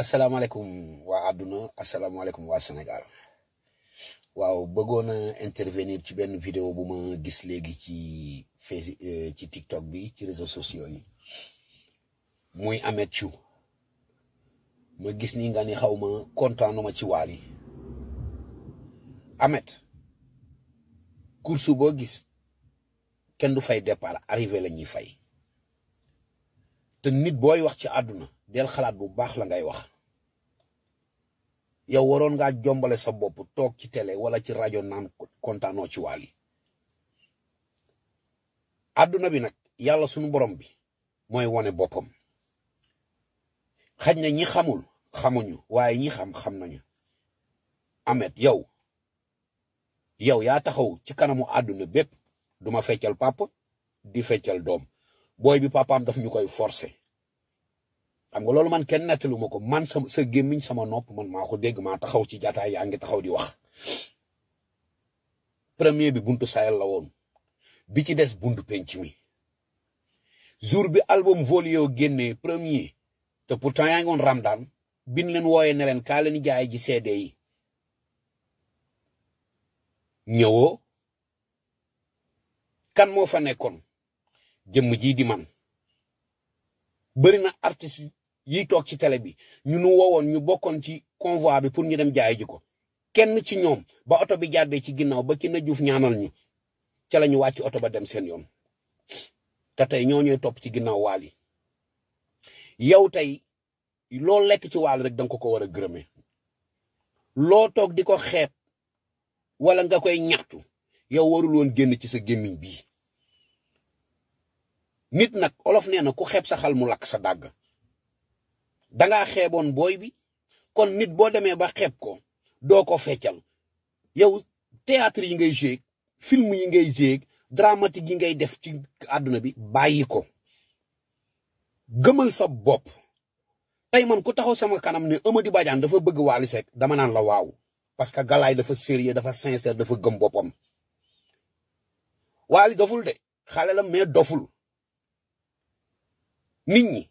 asalaamaaleykum waa àdduna asalaamaaleykum waa Sénégal waaw bëggoon a intervenir ci benn vidéo bu ma gis léegi ci Facebook euh, ci TikTok bi ci réseau sociaux yi muy amet Thiou ma gis ni nga ni xaw ma kontaanuma ci waal amet Ameth boo gis kenn du fay départ arrivé la ñuy fay te nit booy wax ci àdduna del xalaat bu baax la ngay wax yow waroon ngaa jombale sa bopp toog ci télé wala ci rajo naan kontaanoo ci waal yi àdduna bi nag yàlla sunu borom bi mooy wane boppam xaj na ñi xamul xamuñu waaye ñi xam xam nañu amet yow yow yaa taxaw ci kanamu àdduna bépp duma feccal papp di feccal doom booy bi papaam daf ñu koy forcer xam nga loolu man kenn nettalu ma ko man sa gémmiñ sama nopp man maa ko dégg maa taxaw ci jataay yaa ngi taxaw di wax premier bi buntu Sahel la woon bi ci des buntu penc mi jour bi album Volio génnee premier te pourtant yaa ngi woon Ramadan bin leen wooyee ne leen kaa leen jaay ji CD yi ñëwoo kan moo fa nekkoon jëmm ji di man bëri na artiste yi toog ci tele bi ñu nu woowoon ñu bokkoon ci convoi bi pour ñu dem jaay ji ko kenn ci ñoom ba oto bi jàddee ci ginnaaw ba ki na juuf ñaanal ñu ca la ñu wàcc oto ba dem seen yoon te tey ñoo ñooy topp ci ginnaaw waal yi yow tey loo lekk ci waal rek danga ko war a gërëmee loo toog di ko xeet wala nga koy ñaxtu yow warul génn ci sa gémmiñ bi nit nag olof nee na ku xeeb sa xal mu lakk sa dàgg dangaa xeeboon booy bi kon nit boo demee ba xeeb ko doo ko feccal yow théâtre yi ngay joué film yi ngay joué dramatique yi ngay def ci àdduna bi bàyyi ko gëmal sa bopp tey man ku taxaw sama kanam ne Amady Badiane dafa bëgg Wally Seck dama naan la waaw parce que galaay dafa sérieux dafa sincère dafa gëm boppam Wally doful de xale la mais doful nit ñi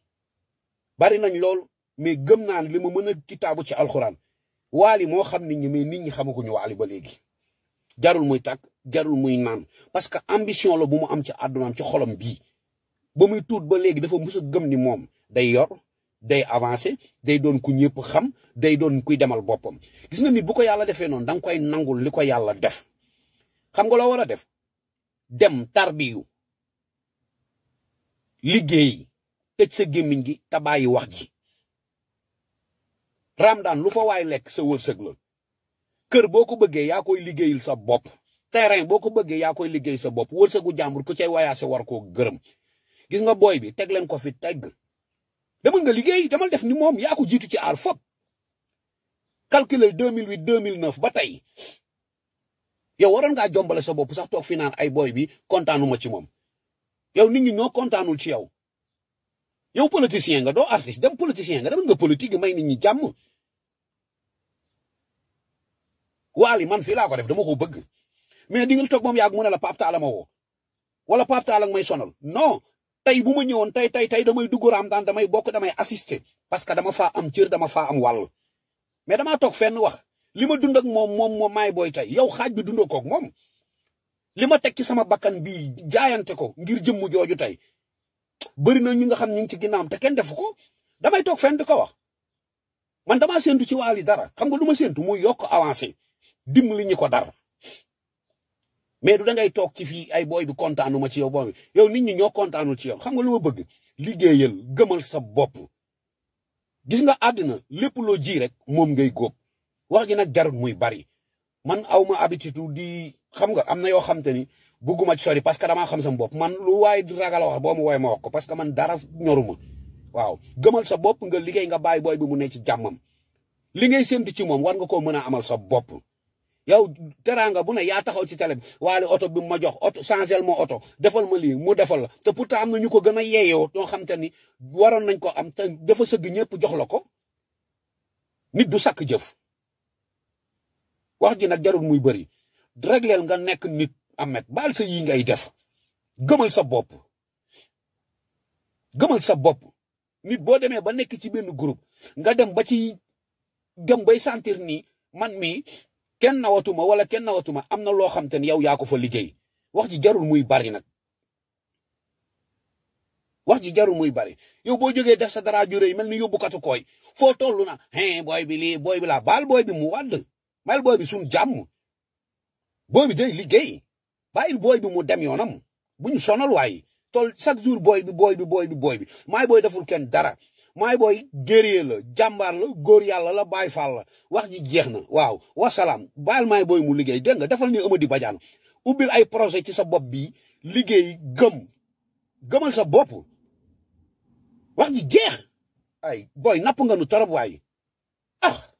bari nañ lool mais gëm naa ne li ma mën a kitaabu ci alxuraan waali moo xam nit ñi mais nit ñi xamaguñu waali ba léegi. jarul muy tàkk jarul muy naan parce que ambition la bu mu am ci àddunaam ci xolam bii ba muy tuut ba léegi dafa mës a gëm ni moom day yor day avancé day doon ku ñëpp xam day doon kuy demal boppam. gis nga ni bu ko yàlla defee noonu da koy nangul li ko yàlla def xam nga loo war a def dem tarbiyu liggéey tëj sa gémmiñ gi te bàyyi wax ji. daan lu fa waay lekk sa wërsëg la kër boo ko bëggee yaa koy liggéeyil sa bopp terrain boo ko bëggee yaa koy liggéey sa bopp wërsëgu jàmbur ku cay wayaase war koo gërëm gis nga booy bi teg leen ko fi tegg demal nga liggéey demal def ni moom yaa ko jiitu ci aar fop calculer 2008 2009 ba tey yow waroon ngaa jombale sa bopp sax toog fi naan ay booy bi kontaanuma ci moom yow nit ñi ñoo kontaanul ci yow yow politicien nga doo artiste dem politicien nga demal nga politique may ni ñi jàmm. waali man fii laa ko def dama ko bëgg mais di nga toog moom yàgg mu ne la Pape Talla ma woo wala Pape Talla may sonal non tey bu ma ñëwoon tey tey tey damay dugg Ramadane damay bokk damay assister parce que dama faa am cër dama faa am wàll. mais damaa toog fenn wax li ma dund ak moom moom moom maay booy tey yow xaaj bi dundoo koog moom li ma teg ci sama bakkan bi jaayante ko ngir jëmm jooju tey bëri na ñi nga xam ñu ngi ci ginnaam te kenn defu ko damay toog fenn di ko wax man damaa séntu ci waali dara xam nga lu ma séntu muy yokk avancé dimbali ñi ko dara mais du dangay toog ci fii ay booy bi kontaanuma ci yow booy bi yow nit ñi ñoo kontaanul ci yoom xam nga lu ma bëgg liggéeyal gëmal sa bopp. gis nga àddina lépp loo ji rek moom ngay góob wax gi nag jarut muy bari man aw ma habitude di xam nga am na yoo xam te ni bugguma ci sori parce que damaa xam sama bopp man lu waaye di ragal a wax boo ma wooye ma wax ko parce que man dara ñoruma waaw gëmal sa bopp nga liggéey nga bàyyi booy bi mu ne ci jàmmam li ngay séntu ci moom war nga koo mën a amal sa bopp yow teraanga bu ne yaa taxaw ci télé bi oto bi ma jox oto changel ma oto defal ma lii mu defal la te pourtant am na ñu ko gën a yeeyoo ñoo xam te ni waroon nañ ko am te dafa sëgg ñëpp jox la ko nit du sakk jëf wax ji nag jarul muy bëri regleel nga nekk nit amet bal sa yi ngay def gëmal sa bopp gëmal sa bopp nit boo demee ba nekk ci benn groupe nga dem ba ci dem bay sentir ni man mi kenn nawatuma wala kenn nawatuma am na loo xam te yow yaa ko fa liggéey wax ji jarul muy bari nag wax ji jarul muy bari yow boo jógee def sa dara ju mel ni yóbbu katu kooy foo tollu na hein booy bi lii booy bi laa bal booy bi mu wàdd mayil booy bi suñu jàmm booy bi day liggéey bàyyil booy bi mu dem yoonam buñ ñu sonal waaye tool chaque jour booy bi booy bi booy bi booy bi maay booy deful kenn dara maay booy guerrier la jàmbaar la góor yàlla la bay faal la wax ji jeex na waaw wasalaam bàyyil maay booy mu liggéey dégg nga defal ni Amady Badiane ubbil ay projet ci sa bopp bi liggéey gëm gëmal sa bopp wax ji jeex ay booy napp nga nu torop ah